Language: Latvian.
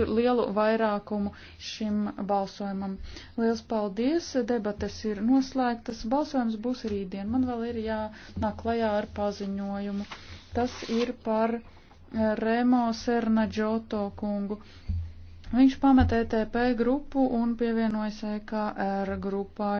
lielu vairākumu šim balsojumam. Liels paldies, debates ir noslēgtas, balsojums būs rītdien. Man vēl ir jānāk klajā ar paziņojumu. Tas ir par eh, Remo Sernaģoto kungu. Viņš pameta ETP grupu un pievienojas EKR grupai.